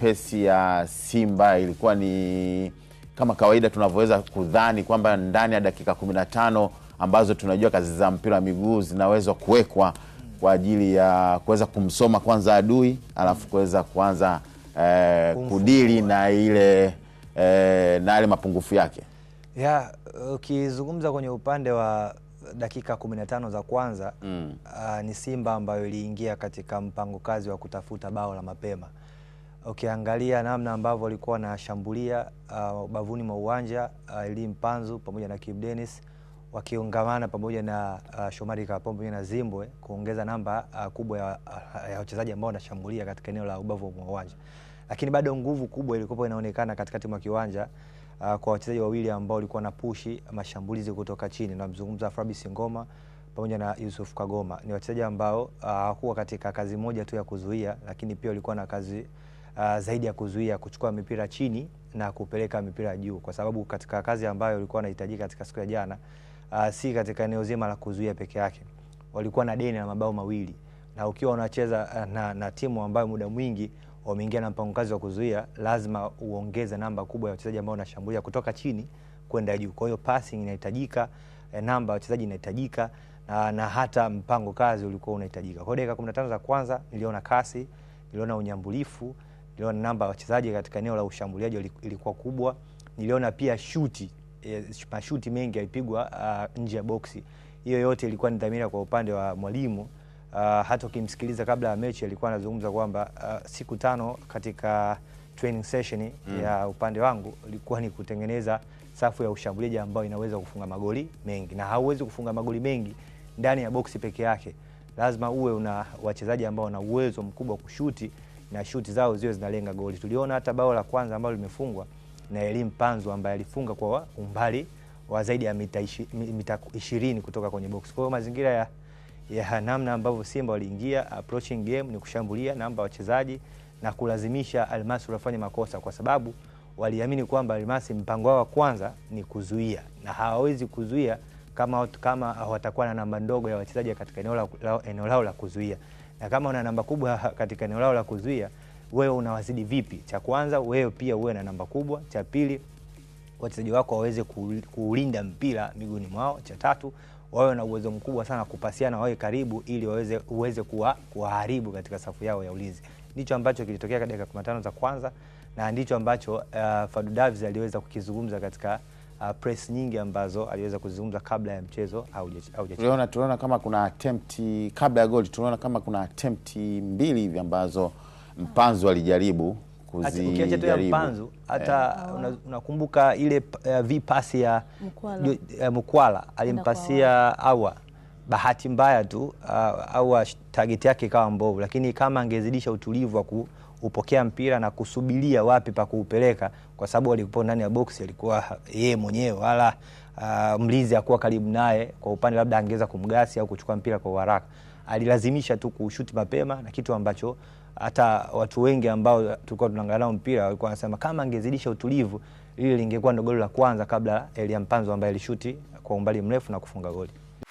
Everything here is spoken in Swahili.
pesi ya Simba ilikuwa ni kama kawaida tunavyoweza kudhani kwamba ndani ya dakika 15 ambazo tunajua kazi za mpira wa miguu zinaweza kuwekwa kwa ajili ya kuweza kumsoma kwanza adui alafu kuweza kuanza eh, kudili na ile eh, na yale mapungufu yake ya ukizungumza kwenye upande wa dakika 15 za kwanza mm. Uh, ni Simba ambayo iliingia katika mpango kazi wa kutafuta bao la mapema ukiangalia okay, namna ambavyo walikuwa wanashambulia uh, bavuni mwa uwanja uh, Eli Mpanzu pamoja na Kim Dennis wakiungamana pamoja na uh, Shomari Kapombe pamoja na Zimbwe kuongeza namba uh, kubwa ya, uh, ya wachezaji ambao wanashambulia katika eneo la ubavu mwa uwanja, lakini bado nguvu kubwa ilikuwa inaonekana katikati mwa kiwanja uh, kwa wachezaji wawili ambao walikuwa na pushi mashambulizi kutoka chini. Namzungumza Fabrice Ngoma pamoja na Yusuf Kagoma, ni wachezaji ambao uh, hawakuwa uh, katika kazi moja tu ya kuzuia, lakini pia walikuwa na kazi uh, zaidi ya kuzuia kuchukua mipira chini na kupeleka mipira juu, kwa sababu katika kazi ambayo ilikuwa inahitajika katika siku ya jana uh, si katika eneo zima la kuzuia peke yake, walikuwa na deni la mabao mawili, na ukiwa unacheza uh, na, na timu ambayo muda mwingi wameingia na mpango kazi wa kuzuia, lazima uongeze namba kubwa ya wachezaji ambao wanashambulia kutoka chini kwenda juu. Kwa hiyo passing inahitajika, eh, namba ya wachezaji inahitajika na, na hata mpango kazi ulikuwa unahitajika. Kwa dakika 15 za kwanza niliona kasi, niliona unyambulifu niliona namba ya wachezaji katika eneo la ushambuliaji ilikuwa kubwa. Niliona pia shuti eh, mashuti mengi yalipigwa ah, nje ya boksi. Hiyo yote ilikuwa ni dhamira kwa upande wa mwalimu. Uh, hata ukimsikiliza kabla ya mechi alikuwa anazungumza kwamba uh, siku tano katika training session mm. ya upande wangu ilikuwa ni kutengeneza safu ya ushambuliaji ambayo inaweza kufunga magoli mengi, na hauwezi kufunga magoli mengi ndani ya boksi peke yake. Lazima uwe una wachezaji ambao wana uwezo mkubwa wa kushuti na shuti zao ziwe zinalenga goli. Tuliona hata bao la kwanza ambalo limefungwa na Elim Panzu ambaye alifunga kwa umbali wa zaidi ya mita ishi, mita ishirini kutoka kwenye box. Kwa hiyo mazingira ya, ya namna ambavyo Simba waliingia approaching game ni kushambulia namba wachezaji na kulazimisha Almasi wafanye makosa kwa sababu waliamini kwamba Almasi mpango wao wa kwanza ni kuzuia na hawawezi kuzuia kama, kama watakuwa na namba ndogo ya wachezaji katika eneo lao, eneo lao la kuzuia, na kama una namba kubwa katika eneo lao la kuzuia, wewe unawazidi vipi? Cha kwanza wewe pia uwe na namba kubwa. Cha pili wachezaji wako waweze kuulinda mpira miguuni mwao. Cha tatu wawe na uwezo mkubwa sana kupasiana, wawe karibu ili waweze uweze kuwa kuharibu katika safu yao ya ulinzi. Ndicho ambacho kilitokea katika dakika 15 za kwanza na ndicho ambacho uh, Fadlu Davids aliweza kukizungumza katika uh, press nyingi ambazo aliweza kuzungumza kabla ya mchezo haujachezwa. Tuliona kama kuna attempt kabla ya goal, tuliona kama kuna attempt mbili hivi ambazo Mpanzu alijaribu ukiacha tu ya eh. Mpanzu hata yeah. Oh. Unakumbuka una ile uh, v pasi ya Mkwala, eh, Mkwala alimpasia Awa bahati mbaya tu uh, au target yake ikawa mbovu, lakini kama angezidisha utulivu wa kupokea mpira na kusubiria wapi pa kuupeleka, kwa sababu alikuwa ndani ya box, alikuwa yeye mwenyewe, wala uh, mlinzi akuwa karibu naye kwa upande, labda angeweza kumgasi au kuchukua mpira kwa haraka. Alilazimisha tu kushuti mapema na kitu ambacho hata watu wengi ambao tulikuwa tunaangalia nao mpira walikuwa wanasema kama angezidisha utulivu, ili lingekuwa ndo goli la kwanza kabla Elia Mpanzo ambaye alishuti kwa umbali mrefu na kufunga goli.